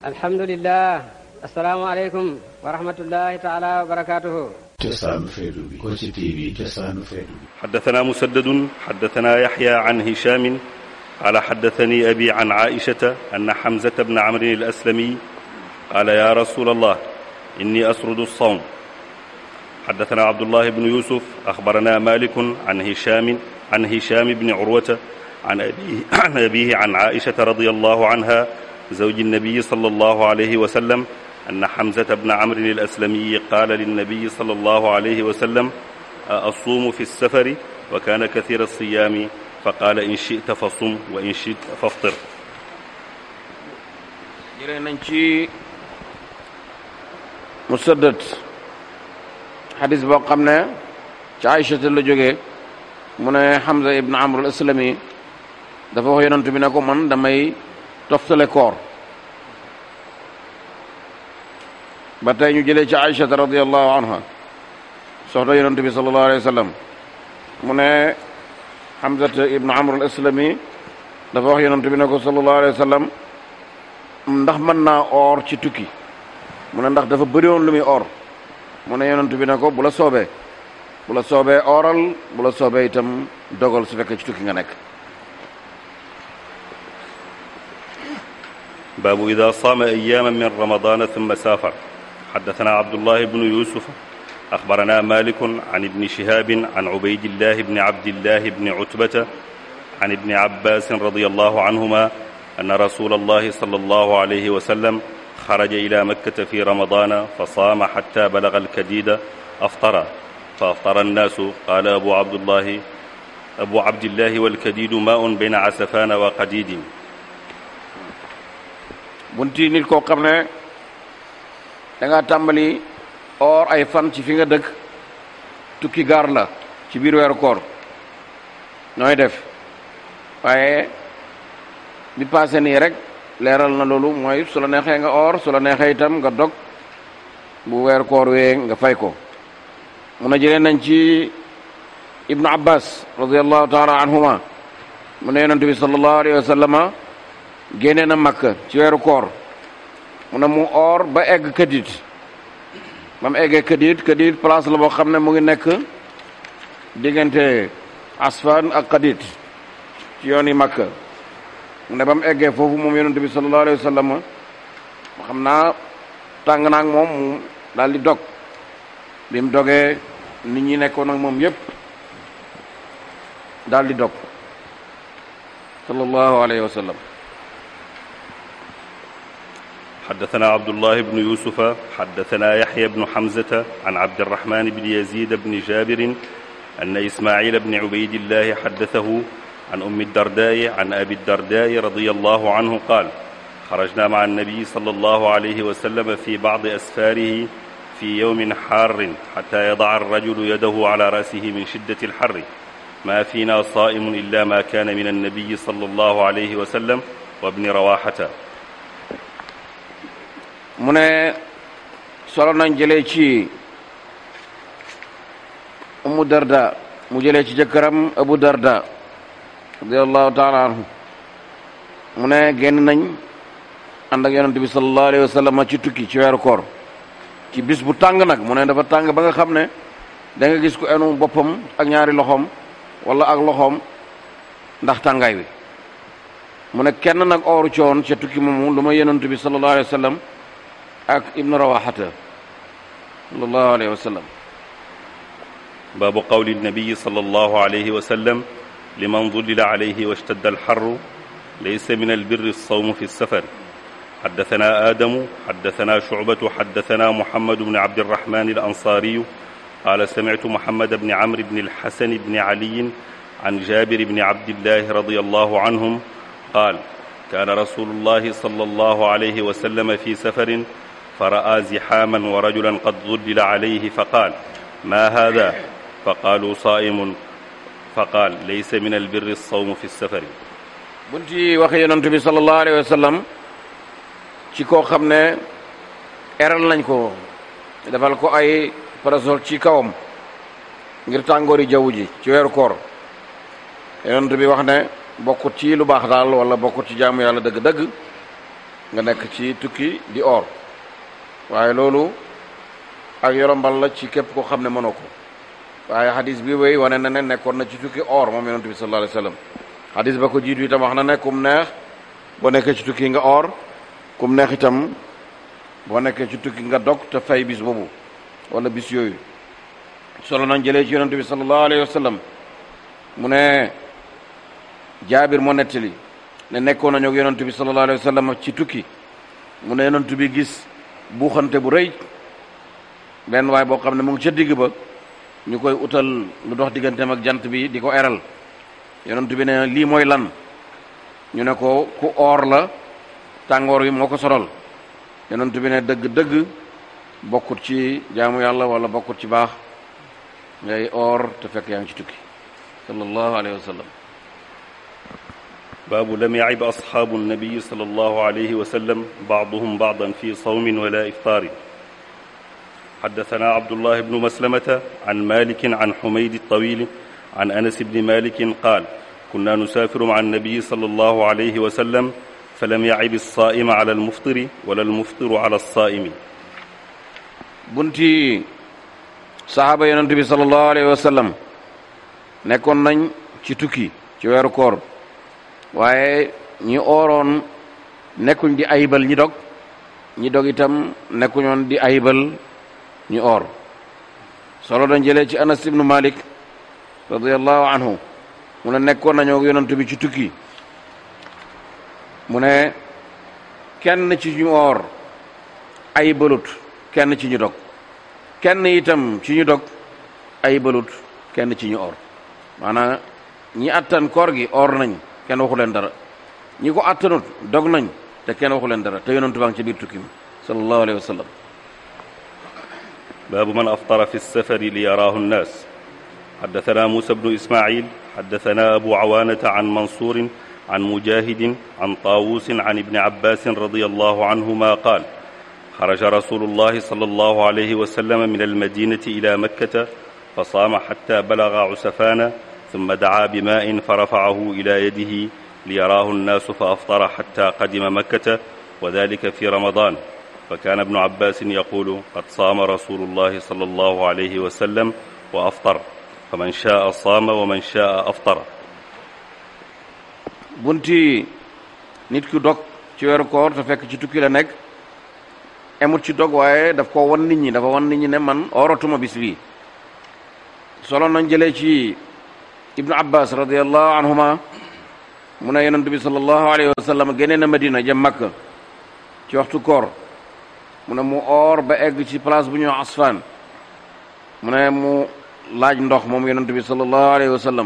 alhamdulilah asalaamaaleykum wa rahmatullahi taala wa barakaatuhu cosaanu feetu bi Kossy TV cosaanu feetu bi xaddatanaa musaddadun xaddatanaa yaxya an hichaamin qaala xaddatani abi an aaichata anna xamzata bna amrin al aslami qaala yaa rasula allah inni asrudu alsawm xaddatanaa abdullah bnu yusuf axbaranaa malikun an hichaamin an hichaami bni curwata an abihi an abihi an aaichata radiallahu anha zawji nabiyi sallallahu alayhi wa sallam anna Hamzata bna Amrin al-Aslamiyi qaala linnabiyi sallallahu alayhi wa sallam asuumu fi safari wa kaana kathiira siyaami fa qaala in shi'ta fa sum wa in shi'ta faftir jëree nañ ci musaddad xadis boo xam ne ci Aysata la jógee mu ne Hamza ibn Amr al-Aslami dafa wax yonent bi ne ko man damay toftale koor ba tey ñu jëlee ci aïchata radiallahu anha soxna yonent bi sallallahu alayhi wa mu ne hamzata ibnu amr al islami dafa wax yonent bi ne ko sallallahu alayhi wa sallam ndax mën naa oor ci tukki mu ne ndax dafa bëri woon lu muy oor mu ne yonent bi ne ko bula la soobee bu la soobee ooral bu soobee itam dogal su fekkee ci tukki nga nekk baabu ida saama ayaaman min ramadaana thumma saafara xaddasanaa abdullahi bnu yuusuf axbaranaa malikun an ibni shihaabin an ubaydillahi bni abdillahi bni utbata an ibni abbaasin radiyallahu anhuma anna rasulallahi sallallahu alayhi wa sallam xaraja ila makkata fi ramadaana fa saama xatta balaga alkadiida aftara fa aftara annaasu qaala abu abdullahi abu abdillahi walkadiidu maa'un bayna asafaana wa qadiidin bunti nit koo xam ne danga tàmbali or ay fan ci fi nga dëkk tukki gaar la ci biir weeru koor nooy def waaye bi passé nii rek leeral na loolu mooy su neexee nga or su la itam nga dog bu weeru koor wee nga fay ko mun a jëlee nañ ci ibnu abbas radiallahu taala anhuma mu ne yonent bi sallallahu alayhi wa sallama génnee na makk ci weeru koor mu ne mu or ba egg këdit ba mu eggee këdit këdit place la boo xam ne mu ngi nekk diggante asfan ak kadit ci yoon yi Makka mu ne ba mu eggee foofu moom yonent bi sallallahu alayhi wa sallam ma xam naa tàng naa ak moom mu daal di dog bi mu dogee nit ñi nekkoon ak moom yépp daldi dog sallallahu alayhi wa xaddasanaa abdullahi bnu yuusufa xaddasanaa yaxya bnu xamzata an abdirahman bni yazid bni jabirin an ismaila bni ubaydillahi xaddasahu an ummi dardaayi an abi dardaayi radiyallahu anhu qaal xarajnaa ma'a nabiy sallallahu alayhi wa sallam fi ba'di asfaarihi fi yawmin xaarin xattaa yada'a rajulu yadahu ala ra'sihi min shiddati alxarri maa fiinaa saa'imun illaa maa kaana mina nabiy sallallahu alayhi wa sallam wa bni rawaxata mu ne solo nañ jëlee ci umu darda mu jëlee ci jëkkëram abu darda radiallahu taala anhu mu ne génn nañ ànd ak yonent bi sallallahu alayhi wa sallam ci tukki ci weeru koor ci bis bu tàng nag mu ne dafa tàng ba nga xam ne danga gis ko enu boppam ak ñaari loxoom wala ak loxoom ndax tàngaay wi mu ne kenn nag ooru coon ca tukki moomu lu ma yonent bi sallallahu alayhi wa ak ibnu rawaxata sallallahu alayhi wa sallam baabu qawli nabiyi sallallahu alayhi wa sallam liman dulila alayhi wa ishtadda alxarru laysa min albirri alsawmu fi lsafar xaddatanaa aadamu xaddatanaa shucbatu xaddatanaa muhammadu bni abdirahman alansaariyu qaala samictu muhammada bni amri bni alxasani bni caliyin an jaabiri bni abdillahi radiyallahu anhum qaal kaana rasulu llahi sallallahu alayhi wa sallam fi safarin wa فرأى زحاما ورجلا قد ظلل عليه فقال ما هذا فقالوا صائم فقال ليس من البر الصوم في fi bunt yi waxe yonent bi sallallahu alayhi wa sallam ci koo xam ne eral nañ ko defal ko ay parasol ci kawam ngir tàngoori jaww ji ci weeru koor yonent bi wax ne bokkut ci lu baax daal walla bokkut ci jaamu yàlla dëgg-dëgg nga nekk ci tukki di or waaye loolu ak yorombal la ci képp ko xam ne mënoo ko waaye xadis bi wéy wane na ne nekkoon na ci tukki or moom yonent bi sallallahu alayhi wa sallam xadis ba ko jiitu itam wax na ne kum neex boo nekkee ci tukki nga or kum neex itam boo nekkee ci tukki nga dog te fay bis boobu wala bis yooyu solo nañ jëlee ci yonent bi sallallahu alayhi wa mu ne jaabir moo nettali ne nekkoon nañu ak yonent bi sallallahu alayhi ci tukki mu ne yonent gis buuxante bu rëy benn waay boo xam ne mu ngi ca digg ba ñu koy utal lu dox digganteem ak jant bi di ko eral yonent bi ne lii mooy lan ñu ne ko ku oor la tàngoor bi moo ko sonal yonent bi ne dëgg-dëgg bokkut ci jaamu yàlla wala bokkut ci baax ngay oor te fekk yaa ngi ci tukki sallallahu alayhi wa sallam baabu lam yacib asxaabu nnabiyi sal allahu alayhi wa sallam baaduhum baadan fi sawmin wala iftaarin xaddasanaa abdullah ibnu maslamata an malikin an xumaydi tawili an anas ibni malikin qaal kunna nusaafiru maca annabiyi sal allahu alayhi wa sallam falam yacib alsaa'ima ala almuftiri wala almuftiru ala alsaa'imi bunti saxaaba yonent bi sal allahu alayhi wa sallam nekkoon nañ ci tukki ci weeru koor waaye ñi ooroon nekkuñ di ayibal ñi dog ñi dog itam nekkuñoon di ayibal ñi oor solo dañ jëlee ci anas ibnu malik radiallahu anhu mu nekkoon nañu yonantu bi ci tukki mu ne kenn ci ñu oor ayibalut kenn ci ñu dog kenn itam ci ñu dog ayibalut kenn ci ñu oor maanaam ñi attan koor gi oor nañ kenn waxu leen dara ñi ko àttanut dog nañ te kenn waxu leen dara te yonentu baa ngi ci biir tukki mi sallallahu alayhi wa sallam baabu man aftara fi lsafari li yaraahu nnaas xaddatanaa muusa bnu ismail xaddatanaa abu awaanata an mansuurin an mujahidin an taawusin an ibni abbasin radi allahu anhuma qaal xaraja rasulu ullahi sal allahu alayhi wa sallam min almadinati ila makkata fa saama xatta balaga usafaana ثم دعا بماء فرفعه إلى يده ليراه الناس فأفطر حتى قدم مكة وذلك في رمضان فكان ابن عباس يقول قد صام رسول الله صلى الله عليه وسلم وأفطر فمن شاء صام ومن شاء أفطر bunti nit ku dog ci weeru koor te fekk ci tukki la nekk emut ci dog waaye daf ko wan nit ñi dafa wan nit ñi ne man ooratuma bis bi solo nañ jëlee ci ibnu abbas radiallahu anhuma mu ne yonent bi sallallahu alayhi wa a génne na madina jëm makka ci waxtu koor mu ne mu oor ba egg ci place bu ñuy asfaan mu ne mu laaj ndox moom yonent bi sallallahu alayhi wa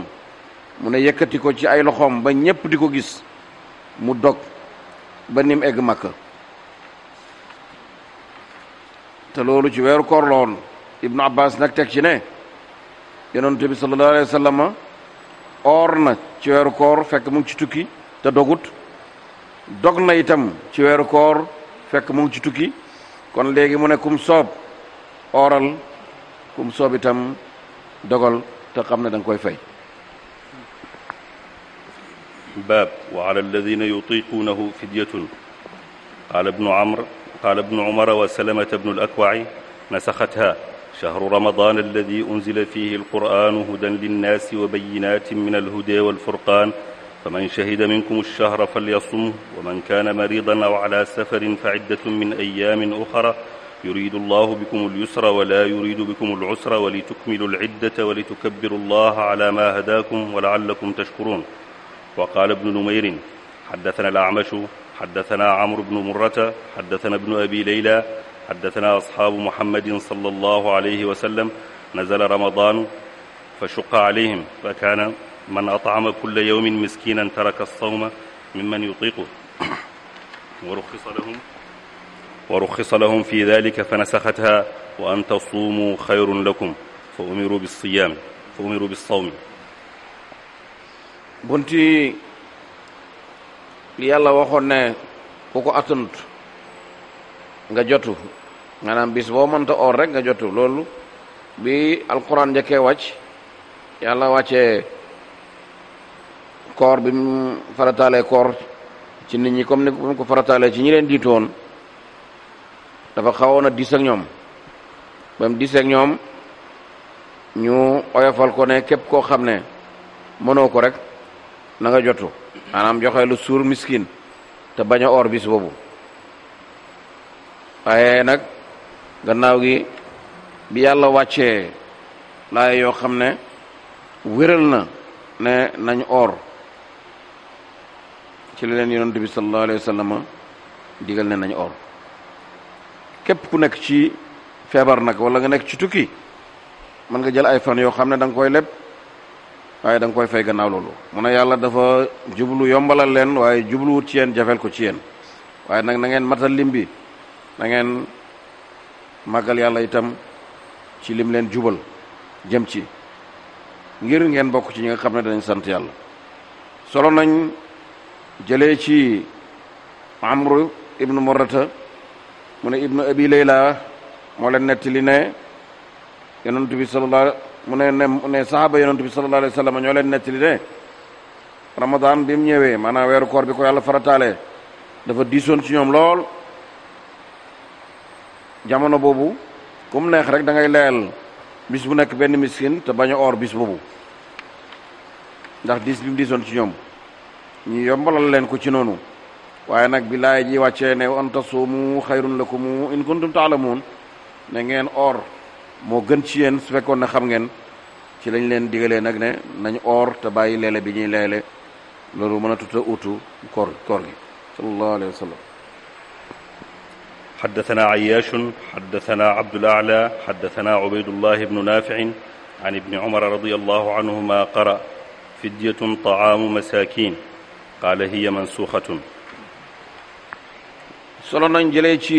mu ne yëkkati ko ci ay loxoom ba ñépp di ko gis mu dog ba nim egg makka te loolu ci weeru koor la ibnu abbas nag teg ci ne yonent bi sallallahu alayhi or na ci weeru koor fekk mu ngi ci tukki te dogut dog na itam ci weeru koor fekk mu ngi ci tukki kon léegi mu ne kum soob oral kum soob itam dogal te xam ne da koy fay baab wa ala alladina yutiquunahu fidyatun qaala ibnu amr qaala ibnu umara wa salamata ibnu al akwaci nasaxatha shahru ramadan alladi unzila fihi alquranu hudan linnaasi wa bayinatin min alhuda walfurqan faman shahida minkum alshahra falyasum wa man kaana maridan aw ala safarin fa iddatun min ayamin uxra yuridu allahu bikum alyusra wala yuridu bikum alusra walitukmilu aliddata walitukabbiru allaha ala ma hadaakum wa laallakum tashkurun wa qaala ibnu numayrin xaddatana alacmashu xaddatana camru bnu murrata xaddatana ibnu abi layla حدثنا أصحاب محمد صلى الله عليه وسلم نزل رمضان فشق عليهم فكان من أطعم كل يوم مسكينا ترك الصوم ممن يطيقه ورخص لهم ورخص لهم في ذلك فنسختها وأن تصوموا خير لكم فأمروا بالصيام فأمروا بالصوم bunti li yàlla waxoon ne ku ko atanut nga jotu maanaam bis boo mënta oor rek nga jotu loolu bi alquran njëkkee wàcc yàlla wàccee koor bi mu farataalee koor ci nit ñi comme ni ko farataalee ci ñi leen diitu dafa xawoon a diis ñoom ba mu ñoom ñu oyofal ko ne képp koo xam ne mënoo ko rek na nga jotu maanaam joxe lu suur miskin te bañ a or bis boobu waaye nag gannaaw gi bi yàlla wàccee laay yoo xam ne wéral na ne nañ oor ci la leen yonent bi sallallahu alayhi wa sallam digal ne nañ oor képp ku nekk ci feebar nag wala nga nekk ci tukki mën nga jël ay fan yoo xam ne danga koy leb waaye da koy fay gannaaw loolu mu ne yàlla dafa jublu yombalal leen waaye jubluwut ci yéen jafel ko ci yéen waaye nag na matal lim nangeen ngeen màggal yàlla itam ci lim leen jubal jëm ci ngir ngeen bokk ci ñi nga xam ne danañ sant yàlla solo nañ jële ci amru ibnu murrata mu ne ibnu abi layla moo leen nettali ne yonentu bi sallallahu mu ne ne mu ne sahaaba yonentu bi sallallahu alayhi wa sallam ñoo leen nettali ne ramadan bi mu ñëwee maanaam weeru koor bi ko yàlla farataalee dafa diisoon ci ñoom lool jamono boobu kum neex rek dangay ngay layal bis bu nekk benn miskin te bañ a or bis boobu ndax diis bi mu diisoon ci ñoom ñu yombalal leen ko ci noonu waaye nag bi laay ji wàccee ne an tasuumu xayrun lakum in kuntum taalamuun ne ngeen oor moo gën ci yéen su fekkoon ne xam ngeen ci lañ leen digalee nag ne nañ oor te bàyyi leele bi ñuy leele loolu mën a utu koor koor gi sallallahu alayhi wa sallam حدثنا عياش حدثنا عبد الأعلى حدثنا عبيد الله بن نافع عن ابن عمر رضي الله عنهما قرأ فدية طعام مساكين قال هي منسوخة solo nañ jëlee ci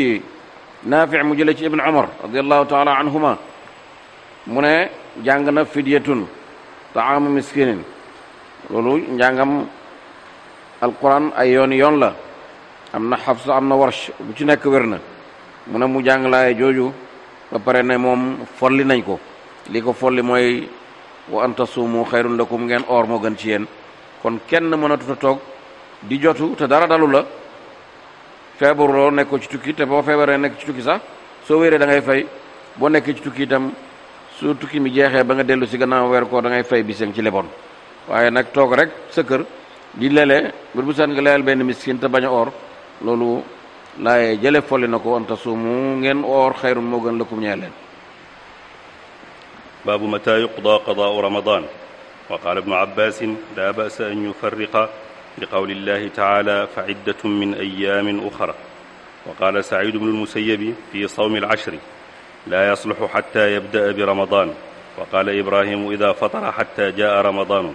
naafic mu jëlee ci ibn Umar radiallahu taala anhuma mu ne jàng na fidyatun taamu miskinin loolu njàngam alquran ay yoon yoon la am na xafsa am na warsh bu ci nekk wér na mu ne mu jàng laaya jooju ba pare na moom folli nañ ko lii ko folli mooy wa anta suumu xayrun lakum ngeen or moo gën ci yéen kon kenn mënatu toog di jotu te dara dalu la feebaruloo nekk ko ci tukki te boo feebaree nekk ci tukki sax soo wéree da ngay fay boo nekkee ci tukki itam su tukki mi jeexee ba nga dellu si gannaaw weer koo da ngay fay biseen ci leboon waaye nag toog rek sa kër di lele bur bu san nga leyal benn miskin te bañ a or laaye jële folli na ko wanta suumu ngeen oor xayrun moo gën lakum ñee leen baabu mata yuqda qadaau ramadan wa qaala ibnu abbasin laa ba'sa an yufarriqa li qawli llahi taala fa iddatun min ayaamin uxra wa qaala saciidu bnu lmusayyabi fi sawmi alcashri laa yasluxu xatta yabda'a bi ramadan wa qaala ibrahimu ida fatara xatta jaa ramadaanu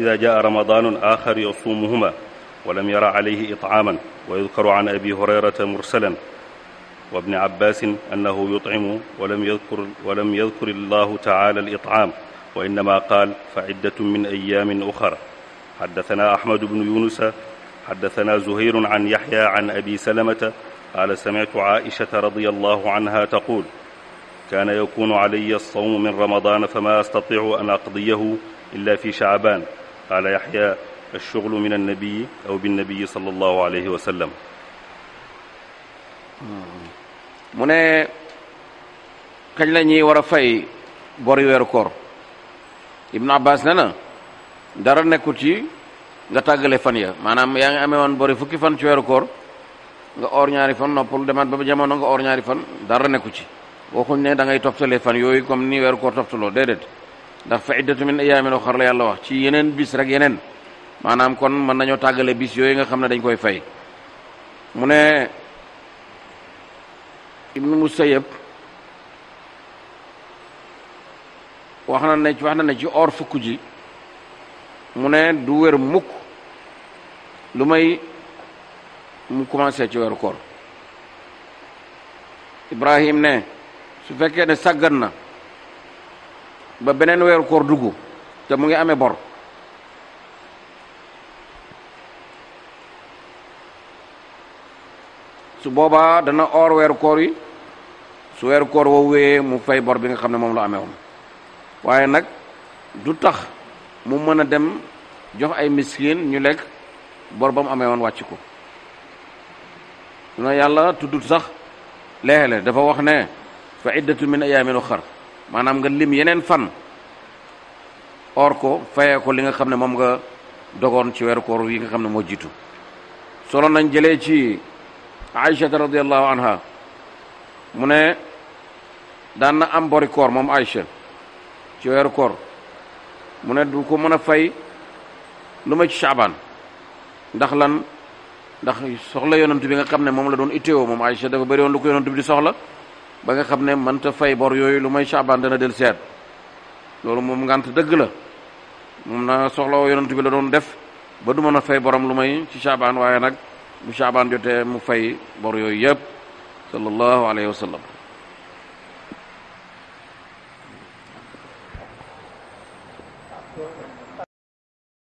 ida jaa ramadaanun aaxar yasuumuhuma walam yara alayhi itaaman wa yudkaru an abi hurayrata mursalan wa bni abbasin annahu yutcimu walam yadkur walam yadkur allahu taala alitaam wa innama qaal fa ciddatu min ayaamin uxara xaddatana ahmadu bnu yunusa xaddatana zuhayrun an yaxya an abi salamata qaala samictu caaishata radiyallahu anha taqul kaana yakunu calaya alsawmu min ramadaana fama astatiicu an aqdiyahu illa fi shacbaan qaala yaxya alchuglu min annabii aw binnabii sallallahu alayhi wa sallam mu ne kañ la ñuy war a fay bor yu weeru koor Ibn Abbas ne na dara nekkul ci nga tàggale fan ya maanaam yaa ngi amee woon bori fukki fan ci weeru koor nga or ñaari fan noppalu demaat ba jamono nga or ñaari fan dara nekku ci waxuñ ne da ngay toptalee fan yooyu comme ni weeru koor toptaloo déedéet ndax fa iddatu min ayaamin uxar la yàlla wax ci yeneen bis rek yeneen maanaam kon mën nañoo tàggale bis yooyu nga xam ne dañ koy fay mu ne ibnu Musayyab wax na ne wax na ne ci or fukk ji mu ne du wér mukk lu may mu commencé ci weeru koor Ibrahim ne su fekkee ne sàggan na ba beneen weeru koor dugg te mu ngi amee bor su boobaa dana or weeru koor yi su weeru koor woo wéyee mu fay bor bi nga xam ne moom la amee waaye nag du tax mu mën a dem jox ay miskin ñu lekk bor ba mu amee woon wàcc ko duna yàlla tuddut sax leexele dafa wax ne fa iddatu min ayaamin xar maanaam nga lim yeneen fan or ko fayee ko li nga xam ne moom nga dogoon ci weeru koor yi nga xam ne moo jiitu solo nañ jëlee ci Aïcha radiallahu anha mu ne daan na am bori koor moom Aïcha ci weeru koor mu ne du ko mën a fay lu ma ci caabaan ndax lan ndax soxla yonantu bi nga xam ne moom la doon itteewoo moom Aïcha dafa bëri woon lu ko yonantu bi di soxla ba nga xam ne mënta fay bor yooyu lu may caabaan dana del seet loolu moom ngant dëgg la moom na soxla woo yonantu bi la doon def ba du mën a fay boroom lu may ci caabaan waaye nag bu caabaan jotee mu fay bor yooyu yëpp sallallahu alayhi wa sallam